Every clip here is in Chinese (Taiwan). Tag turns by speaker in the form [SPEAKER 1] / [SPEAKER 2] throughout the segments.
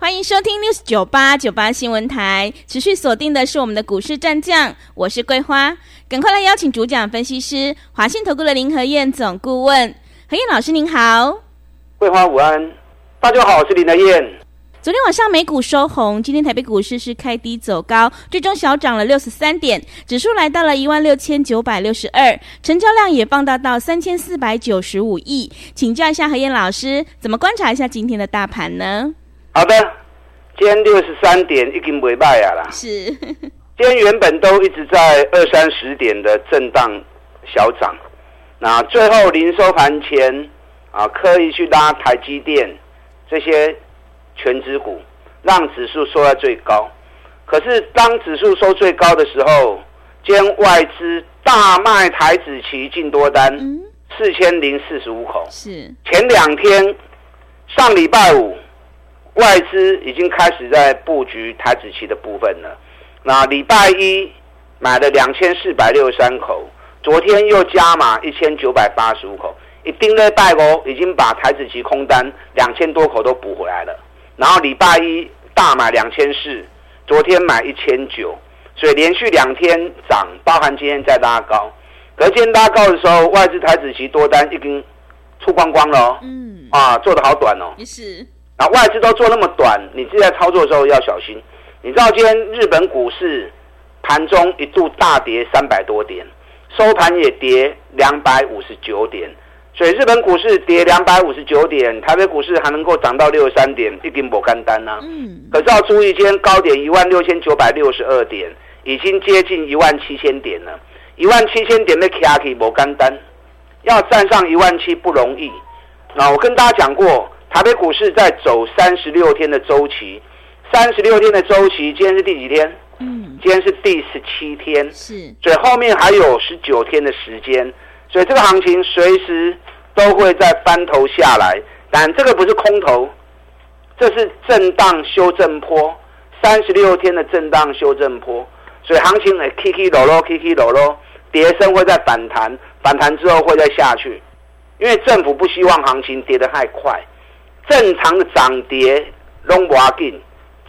[SPEAKER 1] 歡迎收聽 News 九八九八新聞台，持續鎖定的是我們的股市戰將，我是桂花。趕快來邀請主講分析師、華信投顧的林和彥總顧問。和彥老師您好。桂
[SPEAKER 2] 花午安，大家好，我是林和彥。
[SPEAKER 1] 昨天晚上美股收紅，今天台北股市是開低走高，最終小漲了六十三點，指數來到了一萬六千九百六十二，成交量也放大到三千四百九十五億。請教一下和彥老師，怎麼觀察一下今天的大盤呢？好的，
[SPEAKER 2] 今天六十三點已經不錯了啦。是， 今天原本都一直在二三十點的震盪小漲，那最後臨收盤前啊，刻意去拉台積電這些權值股，讓指數收在最高。可是當指數收最高的時候，今天外資大賣台指期淨多單四千零四十五口。是，前兩天上禮拜五。外資已經開始在布局台指期的部分了。那禮拜一買了兩千四百六十三口，昨天又加碼一千九百八十五口，一定在拜哦，已經把台指期空單兩千多口都補回來了。然後禮拜一大買兩千四，昨天買一千九，所以連續兩天漲，包含今天再拉高。隔天拉高的時候，外資台指期多單已經出光光了哦。嗯，啊，做得好短哦。那外資都做那麼短，你自己在操作的時候要小心。你知道今天日本股市盤中一度大跌三百多點，收盤也跌兩百五十九點。所以日本股市跌兩百五十九點，台北股市還能夠漲到六十三點，一定不簡單啊！嗯。可是要注意，今天高點一萬六千九百六十二點，已經接近一萬七千點了。一萬七千點的 KAKI 不簡單，要站上一萬七不容易。那我跟大家講過。台北股市在走三十六天的周期，三十六天的周期，今天是第幾天？嗯，今天是第十七天，是，所以後面還有十九天的時間，所以這個行情隨時都會再翻頭下來。但這個不是空頭，這是震盪修正波，三十六天的震盪修正波。所以行情誒，起起落落，起起落落，跌升會再反彈，反彈之後會再下去，因為政府不希望行情跌得太快。正常的漲跌攏無關係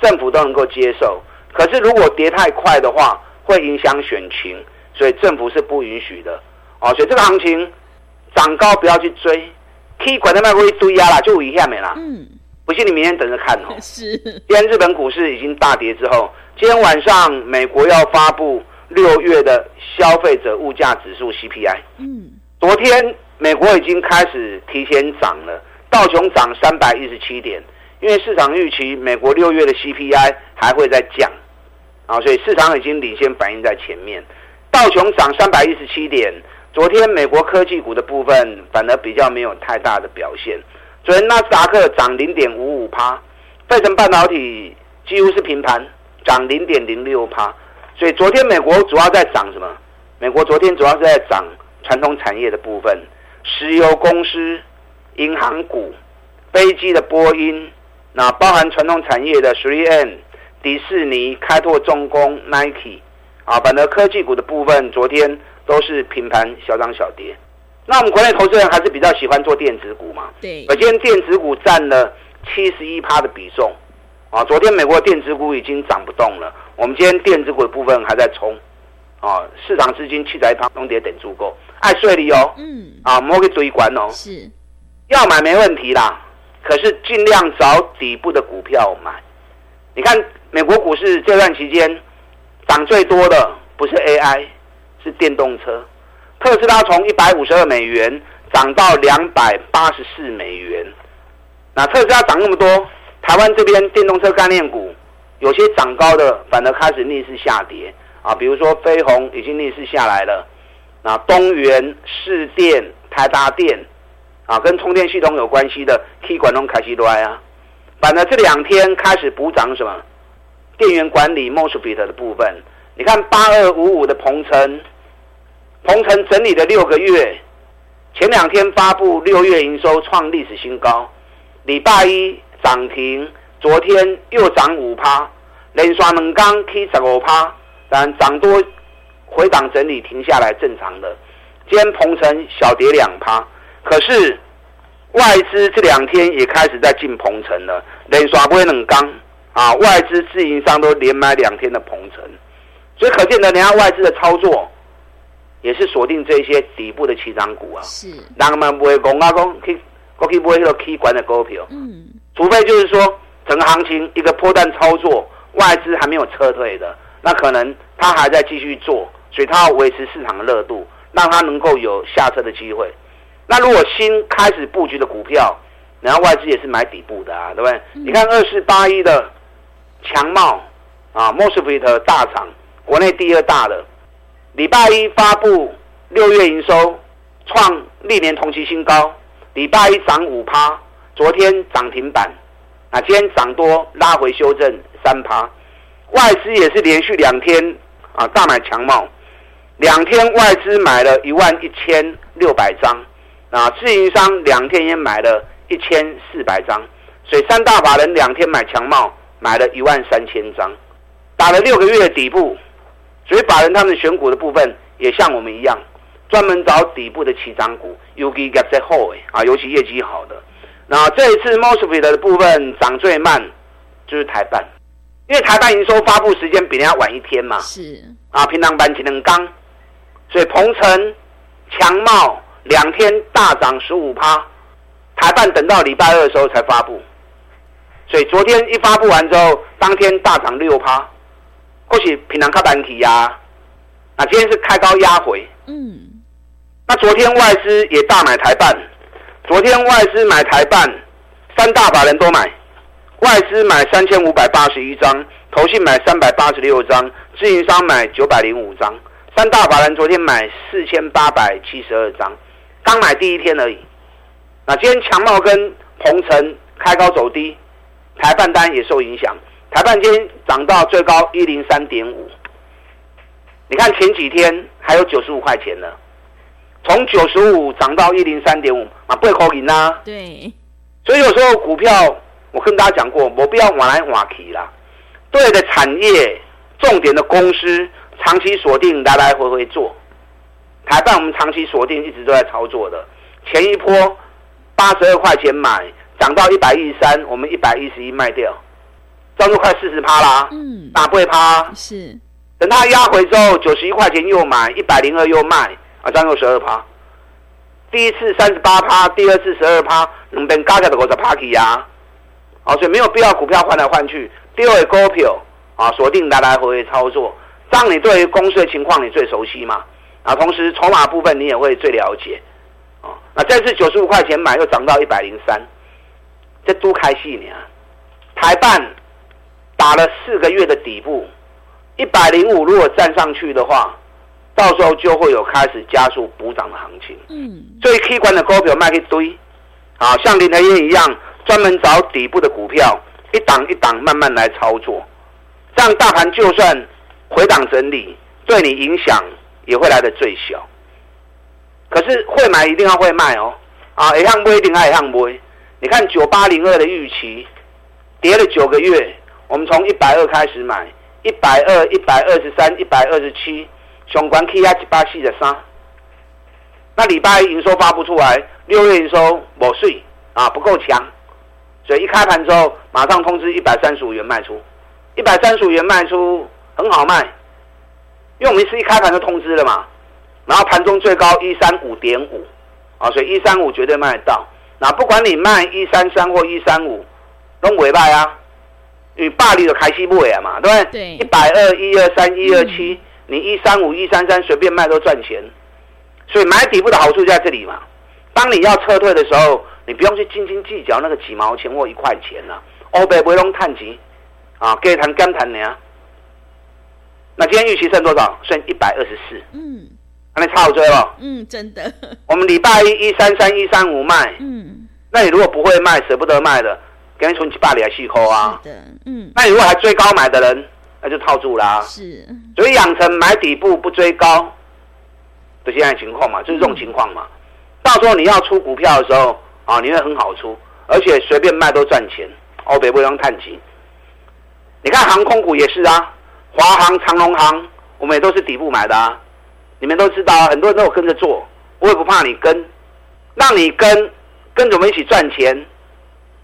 [SPEAKER 2] 政府都能夠接受。可是如果跌太快的話，會影響選情，所以政府是不允許的。哦，所以這個行情漲高不要去追，可以管它賣過去堆壓啦，就一下沒
[SPEAKER 3] 了。
[SPEAKER 2] 嗯，不信你明天等着看哦。是。今天日本股市已經大跌之後，今天晚上美國要發布六月的消費者物價指數 CPI。嗯。昨天美國已經開始提前漲了。道瓊漲三百一十七點，因為市場預期美國六月的 CPI 還會再降，啊、哦，所以市場已經領先反應在前面。道瓊漲三百一十七點，昨天美國科技股的部分反而比較沒有太大的表現。昨天納斯達克漲零點五五趴，費城半導體幾乎是平盤，漲零點零六趴。所以昨天美國主要在漲什麼？美國昨天主要是在漲傳統產業的部分，石油公司。銀行股、飛機的波音，那包含傳統產業的 3M、迪士尼、開拓重工、Nike，啊，反而科技股的部分昨天都是平盤小漲小跌。那我們國內投資人還是比較喜歡做電子股嘛？對。而今天電子股佔了七十一趴的比重，啊，昨天美國電子股已經漲不動了，我們今天電子股的部分還在衝，啊，市場資金器材趴東跌等注夠愛稅利哦嗯，嗯，啊，摸個注意管哦，是。要買沒問題啦，可是盡量找底部的股票買。你看美國股市這段期間漲最多的不是 AI，是電動車。特斯拉從一百五十二美元漲到兩百八十四美元。那特斯拉漲那麼多，台灣這邊電動車概念股有些漲高的，反而開始逆勢下跌啊。比如說飛鴻已經逆勢下來了，那東元、士電、台達電。啊，跟充電系統有關係的，替管東凱西多啊。反正這兩天開始補漲什麼電源管理、Mosfet 的部分。你看八二五五的朋程，朋程整理了六個月，前兩天發布六月營收創歷史新高，禮拜一漲停，昨天又漲五趴，連續兩天 k 十五趴，但漲多回檔整理停下來正常的。今天朋程小跌兩趴。可是外資這兩天也開始在進朋程了，冷傻不會冷剛啊！外資自營商都連買兩天的朋程，所以可見的你看外資的操作也是鎖定這些底部的起漲股啊。是，啷們不會攻啊攻，可以，不會做，可以管的高票。嗯，除非就是說整個行情一個破蛋操作，外資還沒有撤退的，那可能他還在繼續做，所以他要維持市場的熱度，讓他能夠有下車的機會。那如果新開始布局的股票，然後外資也是買底部的啊，對不對？你看二四八一的強茂啊，MOSFET 大廠，國內第二大的，禮拜一發布六月營收創歷年同期新高，禮拜一漲五趴，昨天漲停板，啊，今天漲多拉回修正三趴，外資也是連續兩天啊，大買強茂，兩天外資買了一萬一千六百張。啊，自營商兩天也買了一千四百張，所以三大法人兩天買強茂買了一萬三千張，打了六個月的底部，所以法人他們選股的部分也像我們一樣，專門找底部的起漲股，尤其業績好誒啊，尤其業績好的。那、啊、這一次 MOSFET 的部分漲最慢，就是台半，因為台半營收發布時間比人家晚一天嘛，
[SPEAKER 3] 是
[SPEAKER 2] 啊，平常板只能剛，所以彭城強茂。兩天大漲十五趴，台半等到禮拜二的時候才發布，所以昨天一發布完之後，當天大漲六趴，或喜平南卡板提壓，那、啊、今天是開高壓回。
[SPEAKER 3] 嗯，
[SPEAKER 2] 那昨天外資也大買台半，昨天外資買台半，三大法人都買，外資買三千五百八十一張，投信買三百八十六張，自營商買九百零五張，三大法人昨天買四千八百七十二張。剛買第一天而已，那今天強茂跟鵬程開高走低，台半單也受影響。台半今天漲到最高一零三點五，你看前幾天還有九十五塊錢呢，從九十五漲到一零三點五啊，不會虧錢。對，所以有時候股票，我跟大家講過，沒必要換來換去啦。對的產業，重點的公司，長期鎖定，來來回回做。台半我們長期鎖定，一直都在操作的。前一波八十二塊錢買，漲到一百一十三，我們一百一十一賣掉，賺到快四十趴啦。嗯，打不會趴？是。等它壓回之後，九十一塊錢又買，一百零二又賣，啊，賺到十二趴。第一次三十八趴，第二次十二趴，兩邊嘎嘎的搞着趴起呀。啊，所以沒有必要股票換來換去。第二個股票啊，鎖定來來回回操作，讓你對於公司的情況你最熟悉嘛。啊，同時籌碼部分你也會最了解，啊、哦、那這次九十五塊錢買又漲到一百零三，這都開戲呢。台半打了四個月的底部，一百零五如果站上去的話，到時候就會有開始加速補漲的行情。嗯，所以 K 管的高票賣一堆，啊，像林和彥一,一樣，專門找底部的股票，一檔一檔慢慢來操作，這樣大盤就算回檔整理，對你影響。也會來得最小，可是會買一定要會賣哦，啊，一趟不一定啊，一趟不會。你看九八零二的預期，跌了九個月，我們從一百二開始買，一百二、一百二十三、一百二十七，雄管 K 壓七八七的三。那禮拜一營收發不出來，六月營收沒稅啊，不夠強，所以一開盤之後馬上通知一百三十五元賣出，一百三十五元賣出很好賣。因為我們是一,一開盤就通知了嘛，然後盤中最高一三五點五，啊，所以一三五絕對賣得到。那、啊、不管你賣一三三或一三五，弄尾賣啊，因為霸力的開西不尾啊嘛，對不對？一百二一二三一二七，你一三五一三三隨便賣都賺錢，所以買底部的好處就在這裡嘛。當你要撤退的時候，你不用去斤斤計較那個幾毛錢或一塊錢啦、啊，烏白不攏賺錢啊，低彈講談的呀。那今天預期剩多少？剩一百二十四。嗯，那你差五追了。嗯，真的。我們禮拜一，一三三一三五賣。嗯，那你如果不會賣，捨不得賣的，乾脆從禮拜二繼續摳啊。是的，嗯。那你如果還追高買的人，那就套住啦、啊。
[SPEAKER 3] 是。
[SPEAKER 2] 所以養成買底部不追高的現在的情況嘛，就是這種情況嘛。嗯、到時候你要出股票的時候啊，你會很好出，而且隨便賣都賺錢。奧北波陽探晶，你看航空股也是啊。華航、長榮航，我們也都是底部買的，啊，你們都知道，很多人都有跟着做，我也不怕你跟，讓你跟，跟着我們一起賺錢，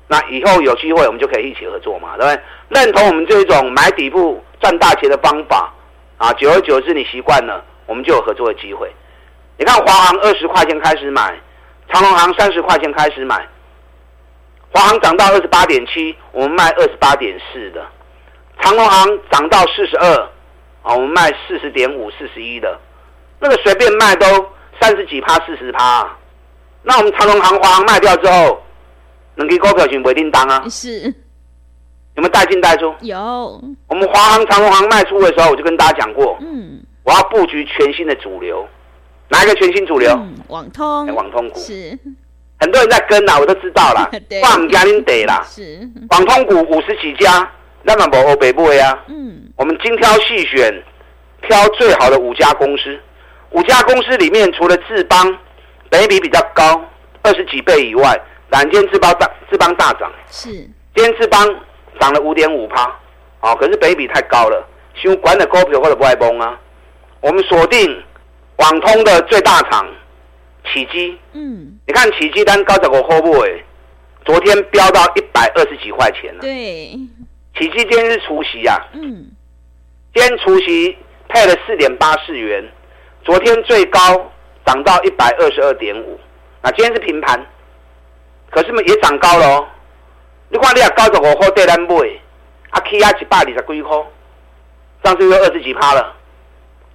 [SPEAKER 2] 那以後有機會我們就可以一起合作嘛，對不對？認同我們這一種買底部賺大錢的方法啊，久而久之你習慣了，我們就有合作的機會。你看華航二十塊錢開始買，長榮航三十塊錢開始買，華航漲到二十八點七，我們賣二十八點四的。長榮航漲到四十二，啊，我們賣四十點五、四十一的，那個隨便賣都三十幾趴、四十趴。那我們長榮航、華航賣掉之後，能給高票型不一定當啊。是，有沒有帶進帶出？
[SPEAKER 1] 有。
[SPEAKER 2] 我們華航、長榮航賣出的時候，我就跟大家講過，嗯，我要布局全新的主流，哪一個全新主流？嗯、網通、欸。網通股是。很多人在跟吶，我都知道啦。 對。掛唔加得啦。 是。網通股五十幾家。南半部哦，北部位啊，嗯，我們精挑細選，挑最好的五家公司，五家公司裡面除了智邦，本益比比較高，二十幾倍以外，是今天智邦大智邦大漲，
[SPEAKER 3] 是，
[SPEAKER 2] 今天智邦漲了五點五趴，哦，可是本益比太高了，希望管的股票或者不愛崩啊，我們鎖定網通的最大廠啟碁，基嗯，你看啟碁單高才國會部位，昨天飆到一百二十幾塊錢了，啊，對。啟碁今天是除息啊嗯，今天除息配了四點八四元，昨天最高漲到一百二十二點五，那、啊、今天是平盤，可是嘛也漲高了、哦。你看，你啊高的我好在那買，阿 K 壓起一百二十幾塊，上次、啊、又二十幾趴了，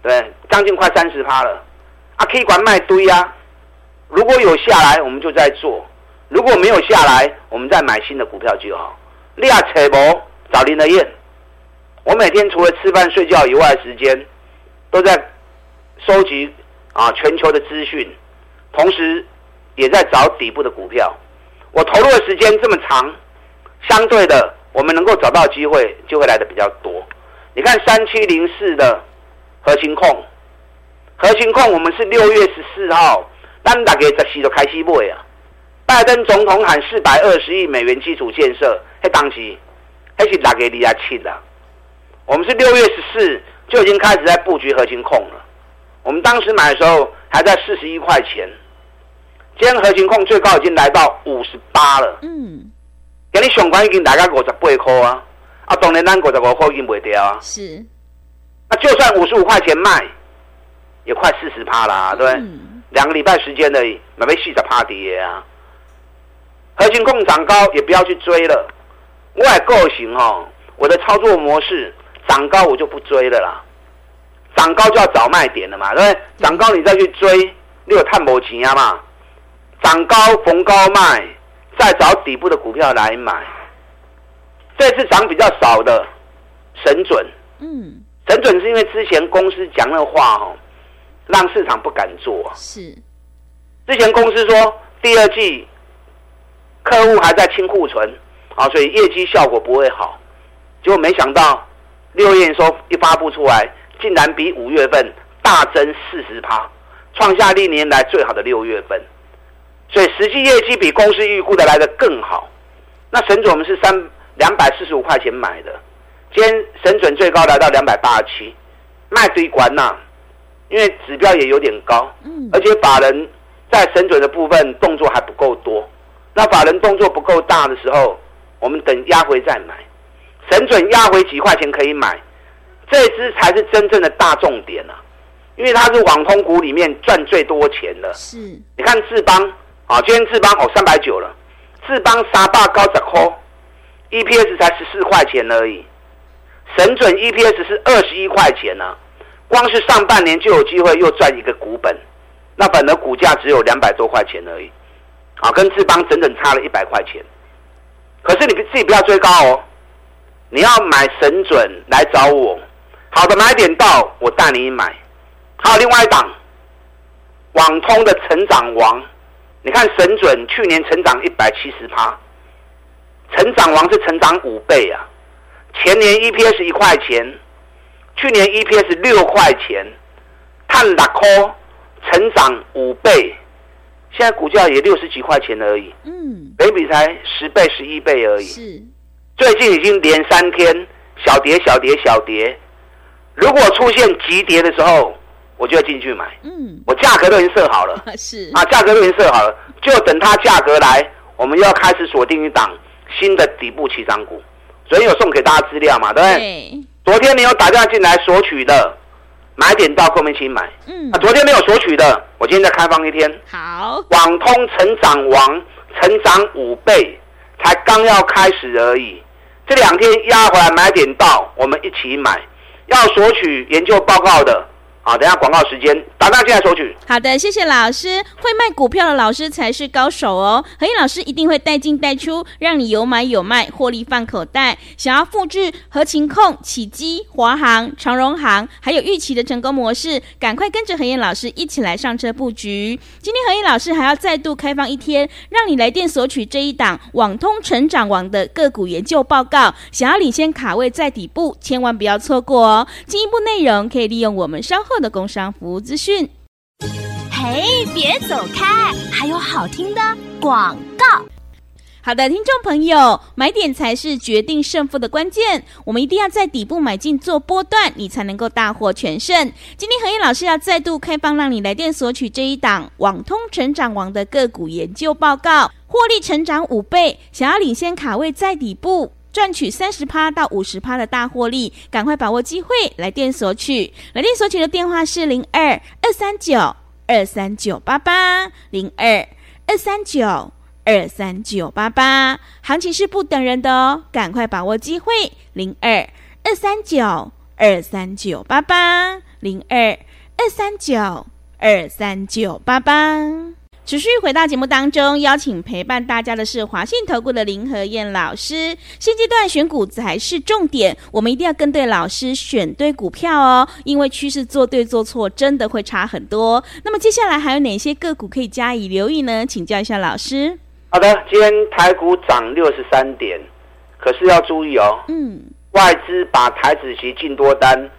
[SPEAKER 2] 對，將近快三十趴了。阿 K 管賣堆呀、啊，如果有下來，我們就再做；如果沒有下來，我們再買新的股票就好。你啊切不找林和彥，我每天除了吃飯睡覺以外的時，時間都在收集啊全球的資訊，同時也在找底部的股票。我投入的時間這麼長，相對的，我們能夠找到機會就會來的比較多。你看三七零四的合勤控，合勤控我，我們是六月十四號，當當在西的開西門啊，拜登總統喊四百二十億美元基礎建設，嘿當時。還是打給李亞慶了，我們是六月十四就已經開始在布局合勤控了。我們當時買的時候還在四十一塊錢，今天合勤控最高已經來到五十八了。嗯。跟你相關已經大概五十八塊啊，啊，當然那五十八塊一定不會跌啊。是。那就算五十五塊錢賣，也快四十趴了，對兩、嗯、個禮拜時間而已，哪會四十趴跌啊？合勤控長高也不要去追了。外購型哦，我的操作模式，漲高我就不追了啦，漲高就要找賣點了嘛，因為漲高你再去追，你又賺不錢啊嘛。漲高逢高賣，再找底部的股票來買。這次漲比較少的，神準。嗯，神準是因為之前公司講的話哈、哦，讓市場不敢做。
[SPEAKER 3] 是，
[SPEAKER 2] 之前公司說第二季，客戶還在清庫存。啊，所以業績效果不會好，結果沒想到六月說一,一發布出來，竟然比五月份大增四十趴，創下歷年來最好的六月份，所以實際業績比公司預估的來得更好。那神準我們是三兩百四十五塊錢買的，今天神準最高來到兩百八十七，賣堆關吶，因為指標也有點高，
[SPEAKER 3] 嗯，而且
[SPEAKER 2] 法人，在神準的部分動作還不夠多，那法人動作不夠大的時候。我們等壓回再買，神準壓回幾塊錢可以買，這只才是真正的大重點啊，因為它是網通股裡面賺最多錢的。是，你看智邦啊，哦，今天智邦哦三百九了，智邦沙壩高在哭，EPS 才十四塊錢而已，神準 EPS 是二十一塊錢呢，啊，光是上半年就有機會又賺一個股本，那本的股價只有兩百多塊錢而已，啊，哦，跟智邦整整差了一百塊錢。可是你自己不要追高哦，你要買神準來找我，好的買點到我帶你買，還有另外一檔，網通的成長王，你看神準去年成長一百七十趴，成長王是成長五倍啊，前年 E P S 一塊錢，去年 E P S 六塊錢，碳兩科成長五倍。現在股價也六十幾塊錢而已，嗯，本益比才十倍、十一倍而已。
[SPEAKER 3] 是，
[SPEAKER 2] 最近已經連三天小跌、小跌、小跌。如果出現急跌的時候，我就要進去買。嗯，我價格都已經設好了。是啊，價格都已經設好了，就等它價格來，我們要開始鎖定一檔新的底部起漲股。所以有送給大家資料嘛，對不對？昨天你有打電話進來索取的。買點到，後面一起買。嗯、啊，昨天沒有索取的，我今天再開放一天。好，網通成長王成長五倍，才剛要開始而已。這兩天壓回來買點到，我們一起買。要索取研究報告的。好，等下廣告時間，打電話
[SPEAKER 1] 進來索取。好的，謝謝老師。會賣股票的老師才是高手哦。和彥老師一定會帶進帶出，讓你有買有賣，獲利放口袋。想要複制合勤控、啟碁、華航、長榮航，還有玉期的成功模式，趕快跟着和彥老師一起來上車布局。今天和彥老師還要再度開放一天，讓你來電索取這一檔網通成長網的個股研究報告。想要領先卡位在底部，千萬不要錯過哦。進一步內容可以利用我們稍後。的工商服務資訊，嘿，別走開，還有好聽的廣告。好的，聽眾朋友，買點才是決定勝負的關鍵，我們一定要在底部買進做波段，你才能夠大獲全勝。今天和彥老師要再度開放，讓你來電索取這一檔網通成長王的個股研究報告，獲利成長五倍，想要領先卡位在底部。賺取三十趴到五十趴的大獲利，趕快把握機會來電索取。來電索取的電話是零二二三九二三九八八零二二三九二三九八八。行情是不等人的哦，趕快把握機會零二二三九二三九八八零二二三九二三九八八。持續回到節目當中，邀請陪伴大家的是華信投顧的林和燕老師。現階段選股才是重點，我們一定要跟對老師，選對股票哦。因為趨勢做對做錯，真的會差很多。那麼接下來還有哪些個股可以加以留意呢？請教一下老師。
[SPEAKER 2] 好的，今天台股漲六十三點，可是要注意哦。嗯，外資把台指期進多單，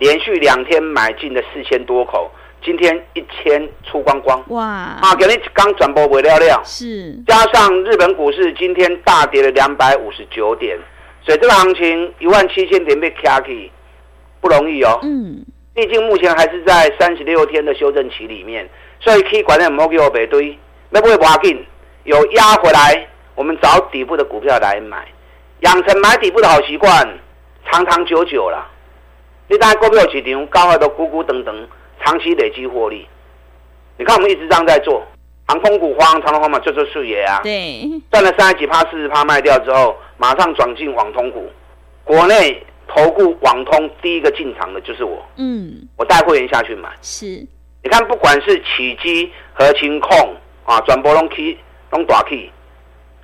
[SPEAKER 2] 連續兩天買進了四千多口。今天一千出光光哇！啊，今日剛轉播尾了了，是加上日本股市今天大跌了兩百五十九點，所以這個行情一萬七千點被卡起不容易哦。嗯，畢竟目前還是在三十六天的修正期裡面，所以可以管理觀念莫我白堆，要不會滑進有壓回來，我們找底部的股票來買，養成買底部的好習慣，長長久久了。你大家股票市場高下都咕咕噔噔。長期累積獲利，你看我們一直這樣在做，航空股慌長隆荒嘛，做做數業啊，對，賺了三十幾趴、四十趴賣掉之後，馬上轉進網通股。國內投顧網通第一個進場的就是我，嗯，我帶會員下去買。是，你看不管是啟碁、合勤控啊，轉波攏起攏大起，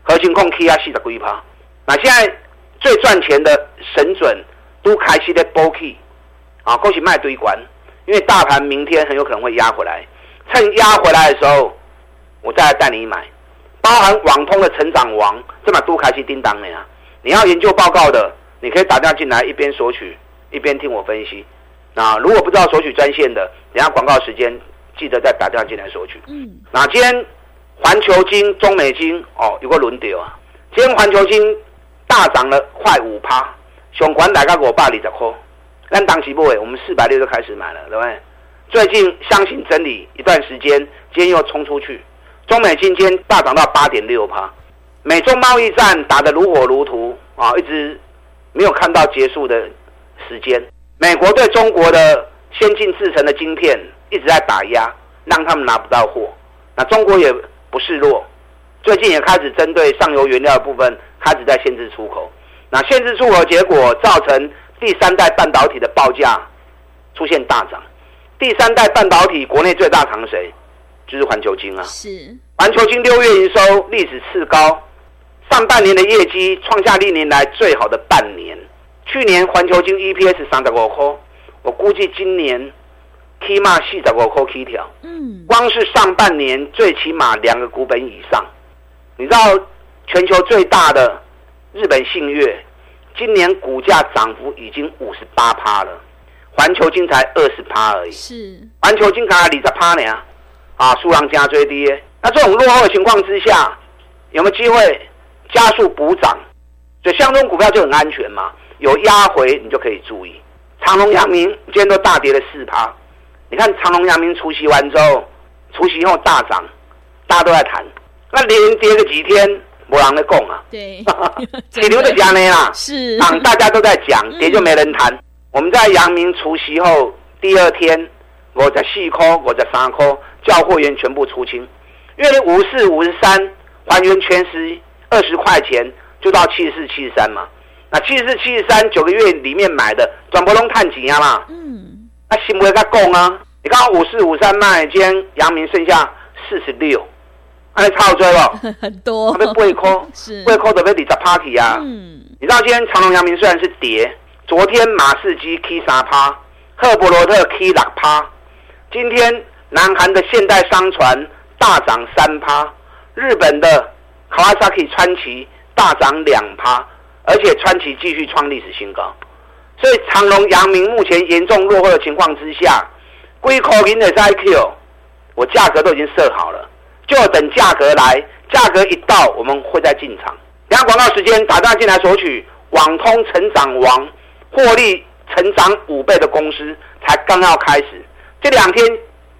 [SPEAKER 2] 合勤控起啊四十幾趴，那現在最賺錢的神準都開始咧波起，啊，都是賣堆管因為大盤明天很有可能會壓回來，趁壓回來的時候，我再來帶你買，包含網通的成長王，這麼多開心叮當的呀、啊，你要研究報告的，你可以打電話進來，一邊索取一邊聽我分析。那如果不知道索取專線的，等下廣告時間記得再打電話進來索取。嗯。那今天環球晶、中美晶哦有個輪跌啊，今天環球晶大漲了快五趴，上管大概五百二十塊。三檔起步位，我們四百六就開始買了，對不對？最近相信整理一段時間，今天又衝出去。中美晶今天大漲到八點六趴，美中貿易戰打得如火如荼啊，一直沒有看到結束的時間。美國對中國的先進製程的晶片一直在打壓，讓他們拿不到貨。那中國也不示弱，最近也開始針對上游原料的部分開始在限制出口。那限制出口結果造成。第三代半導體的報價出現大漲，第三代半導體國內最大扛誰？就是環球晶啊！是環球晶，六月營收歷史次高，上半年的業績創下歷年來最好的半年。去年環球晶 EPS 三十五塊，我估計今年起碼四十五塊起跳。嗯，光是上半年最起碼兩個股本以上。你知道全球最大的日本信越今年股價漲幅已經五十八趴了，環球晶才二十趴而已。是，環球晶剛才二十趴呢啊！數量加追低，那這種落後的情況之下，有沒有機會加速補漲？所以像這種股票就很安全嘛，有壓回你就可以注意。長榮陽明樣今天都大跌了四趴，你看長榮陽明除息完之後，除息以後大漲，大家都在談，那連跌了幾天。沒人在供啊，對，主流在講呢呀，的是，啦是，大家都在講，也就沒人談。嗯、我們在陽明除息後第二天，五十四塊，五十三塊，交貨員全部出清，因為五四五十三還原全息二十塊錢就到七十四七十三嘛。那七十四七十三九個月裡面買的轉播浪探怎樣嘛，啦嗯，那新不會在供啊。你剛剛五四五三賣，今天陽明剩下四十六。哎，超追了，很多。被背空，是背空的被你在 party 啊？嗯，你知道今天長榮、陽明雖然是跌，昨天馬士基 K 三趴，赫伯羅特 K 六趴，今天南韓的現代商船大漲三趴，日本的 Kawasaki 川崎大漲兩趴，而且川崎繼續創歷史新高。所以長榮、陽明目前嚴重落後的情況之下，o c 貴空林的 i Q，我價格都已經設好了。就等價格來，價格一到，我們會再進場。等下廣告時間，打大進來索取。網通成長王，獲利成長五倍的公司才剛要開始，這兩天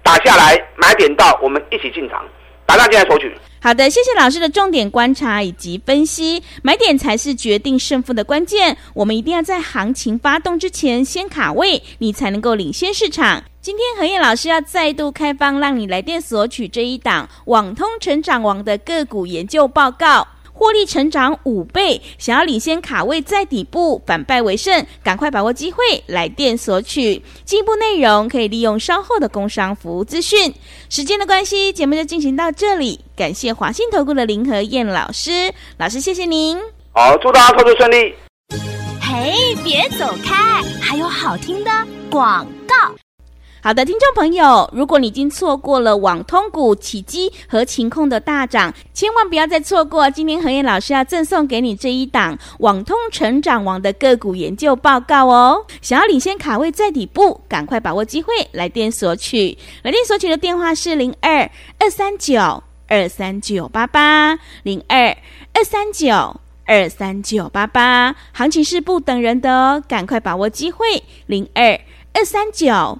[SPEAKER 2] 打下來買點到，我們一起進場。打大進來索取。
[SPEAKER 1] 好的，謝謝老師的重點觀察以及分析，買點才是決定勝負的關鍵。我們一定要在行情發動之前先卡位，你才能夠領先市場。今天和彥老師要再度開放，讓你來電索取這一檔網通成長王的個股研究報告。獲利成長五倍，想要領先卡位在底部，反敗為勝，趕快把握機會來電索取。進一步內容可以利用稍後的工商服務資訊。時間的關係，節目就進行到這裡，感謝華信投顧的林和彥老師，老師謝謝您。
[SPEAKER 2] 好，祝大家操作順
[SPEAKER 1] 利。嘿，別走開，還有好聽的廣告。好的，聽眾朋友，如果你已經錯過了網通股啟碁和勤控的大漲，千萬不要再錯過。今天和彥老師要贈送給你這一檔網通成長王的個股研究報告哦。想要領先卡位在底部，趕快把握機會，來電索取。來電索取的電話是零二二三九二三九八八零二二三九二三九八八。行情是不等人的哦，趕快把握機會，零二二三九。